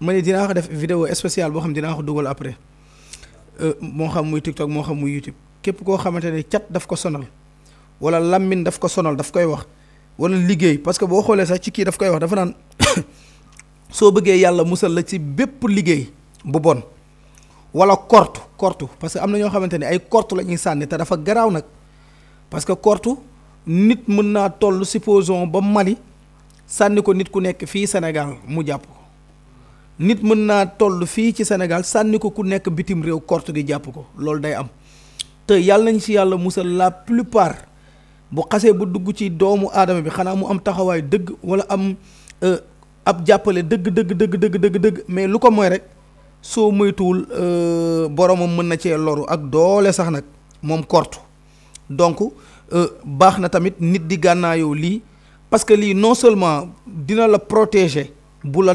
ma ne dinaa ko def vidéo spéciale boo xam dinaa ko dugal après moo xam muy TikTok moo xam muy YouTube képp koo xamante ne cat daf ko sonal wala làmmiñ daf ko sonal daf koy wax wala liggéey parce que boo xoolee sax ci kii daf koy wax dafa naan soo bëggee yàlla musal la ci bépp liggéey bu bon wala kortu kortu parce que am na ñoo xamante ne ay kortu la ñuy sànni te dafa garaaw nag parce que kortu nit mën naa toll supposons ba Mali sànni ko nit ku nekk fii Sénégal mu jàpp ko nit mën naa ci Sénégal sànni ko ku nekk bitim réew gi jàpp ko day la plupart bu xasee bu dugg ci doomu aadama bi xanaa mu am taxawaay dëgg wala am euh, ab jàppale dëgg mais lu ko mooy boromam donc parce que non seulement dina la protéger bu la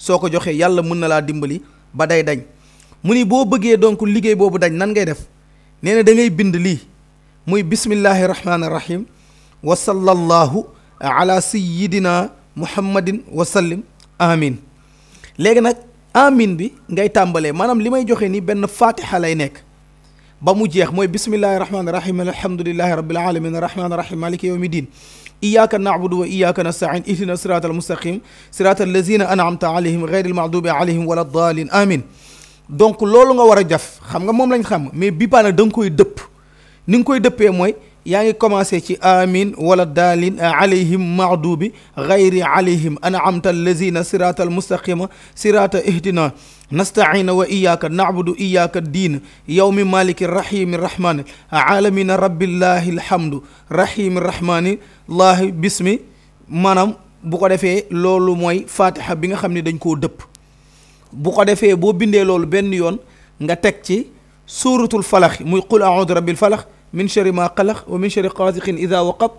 soo ko joxee yàlla mën na laa dimbali ba day dañ mu ni boo bëggee donc liggéey boobu dañ nan ngay def nee na da ngay bind lii muy bismillahi rahmaani rahim wa sallallahu ala sayyidina muhammadin wa sallim amin léegi nag amin bi ngay tàmbalee maanaam li may joxe ni benn fatiha lay nekk ba mu jeex mooy bismillahi rahmaani rahim alhamdulillahi rabbil alamin arrahmaani rahim maliki mi diin إياك نعبد وإياك نستعين اهدنا الصراط المستقيم صراط الذين أنعمت عليهم غير المغضوب عليهم ولا الضالين آمين دونك لولو nga war a jaf xam nga moom lañ xam mais bi baa nag da koy dëpp ni koy dëppee mooy يعني كما سيتي آمين ولا دالين عليهم معدوب غير عليهم أنعمت الذين صراط المستقيم صراط اهدنا نستعين وإياك نعبد إياك الدين يوم مالك الرحيم الرحمن عالمين رب الله الحمد رحيم الرحمن الله بسم منام بوكو دفي لولو موي فاتحة بيغا خمني دنكو دب بوكو دفي بو بيندي لول بن يون nga tek ci suratul falaq من شر ما قلق ومن شر قاذق إذا وقب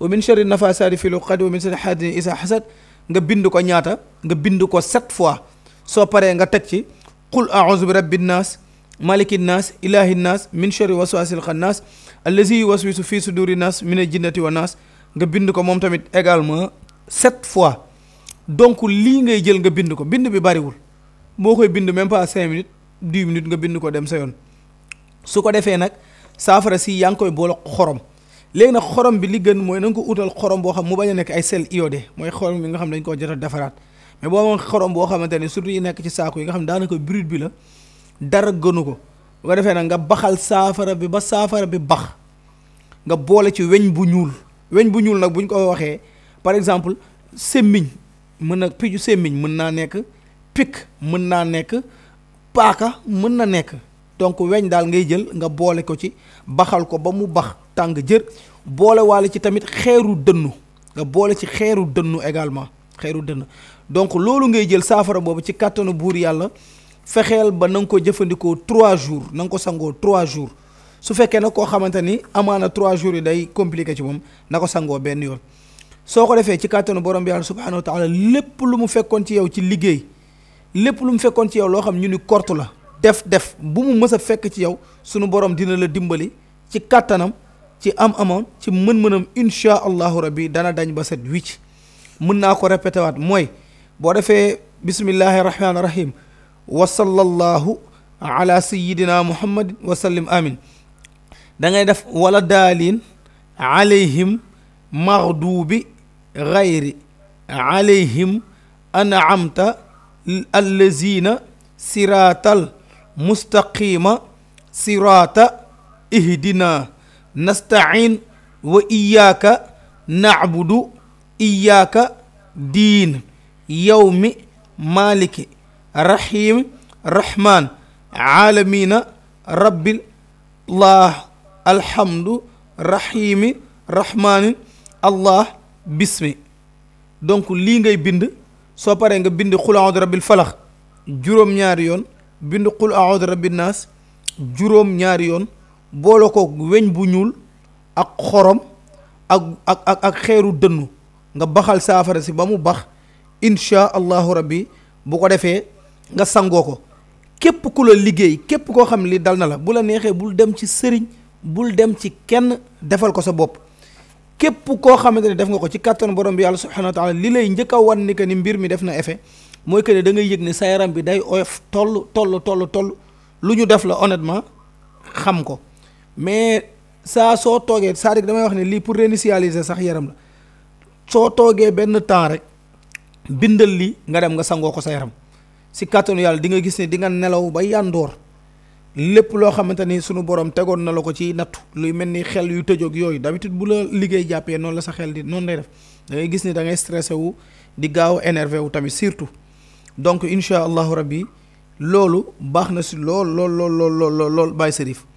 ومن شر النفاسات في العقد ومن شر حاد إذا حسد nga bind ko ñaata nga bind ko sept fois soo paree nga teg ci qul a'udhu bi rabbin nas maliki nas ilahi nas min sharri waswasil khannas allazi yuwaswisu fi suduri nas min jinnati wa nas nga bind ko moom tamit également sept fois donc lii ngay jël nga bind ko bind bi bariwul boo koy bind même pas cinq minutes dix minutes nga bind ko dem sa yoon su ko defee nag saafara si yaa ngi koy boole xorom léegi nag xorom bi li gën mooy na nga ko utal xorom boo xam mu bañ a nekk ay sel iodé mooy xorom bi nga xam dañ koo jot a defaraat mais boo amoon xorom boo xamante ne surtout yi nekk ci saako yi nga xam daanaka brut bi la dara gënu ko bu ko defee nag nga baxal saafara bi ba saafara bi bax nga boole ci weñ bu ñuul weñ bu ñuul nag buñ ko waxee par exemple semmiñ mën na piju semmiñ mën naa nekk pik mën naa nekk paaka mën na nekk donc weñ daal ngay jël nga boole ko ci baxal ko ba mu bax tàng jër boole waale ci tamit xeeru dënnu nga boole ci xeeru dënnu également xeeru dënn donc loolu ngay jël saafara boobu ci kàttanu buur yàlla fexeel ba na nga ko jëfandikoo trois jours na nga ko sangoo trois jours su fekkee nag koo xamante ni amaana trois jours yi day compliqué ci moom na ko sangoo benn yoon soo ko defee ci kàttanu borom bi yàlla subhanahu wa taala lépp lu mu fekkoon ci yow ci liggéey lépp lu mu fekkoon ci yow loo xam ñu ni korte la def def bu mu mësa fekk ci yow sunu borom dina la dimbali ci kàttanam ci am amoon ci mën-mënam insha allahu rabbi dana dañ ba set wicc mën naa ko répété waat mooy boo defee bismillahi rahmaani rahim wa sallallahu ala sayidina muhammad wa sallim amin da ngay def wala dalin alayhim maghdubi ghayri alayhim anamta allazina siraatal مستقيما صراط اهدنا نستعين وإياك نعبد إياك دين يوم مالك رحيم رحمن عالمين رب الله الحمد رحيم رحمن الله بسم دونك li ngay bind so paré nga bind khulaud rabbil falaq juroom ñaari yoon bind qul aoudu rabbi naas juróom ñaari yoon boole ko weñ bu ñuul ak xorom ak ak ak xeeru dënnu nga baxal saafara si ba mu bax insha allah rabbi bu ko defee nga sangoo ko képp ku la liggéey képp koo xam li dal na la bu la neexee bul dem ci sëriñ bul dem ci kenn defal ko sa bopp képp koo xamante ne def nga ko ci kàttan borom bi yàlla subhanahu wa taala li lay njëkk a wan ni que ni mbir mi def na effet mooy que ne da ngay yëg ni sa yaram bi day oyof toll toll toll toll lu ñu def la honnêtement xam ko mais saa soo toogee cest à damay wax ne lii pour réinitialiser sax yaram la soo toogee benn temps rek bindal lii nga dem nga sangoo ko sa yaram si kàttanu yàlla di nga gis ne di nga nelaw ba yàndoor lépp loo xamante ni sunu borom tegoon na la ko ci nattu luy mel ni xel yu tëjoog yooyu d'habitude bu la liggéey jàppee noonu la sa xel di noonu lay def da gis ni da ngay wu di gaaw énervé wu tamit surtout donc incha allahu rabbi loolu baax na si lool lool lool lool lool lool Serif